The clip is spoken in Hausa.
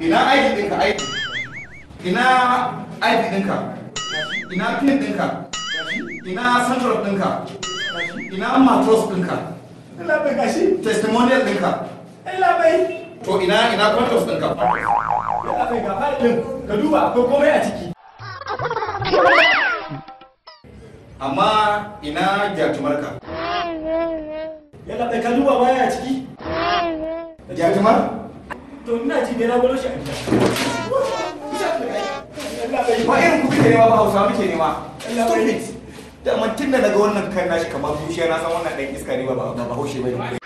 ina ID ɗinka ID ina aiki ɗinka ina pin ɗinka ina central ɗinka ina matros ɗinka ina bai gashi testimonial ɗinka ina bai to ina ina kwantos ɗinka bai ka duba ko komai a ciki amma ina gyatumarka yana bai ka duba waya a ciki gyatumar to ina ji dai na gwado shi a gida ba irin kuka nema ba hausa muke nema stupid da mantin daga wannan kan nashi kamar zuciya na san wannan ɗan iska ne ba ba haushe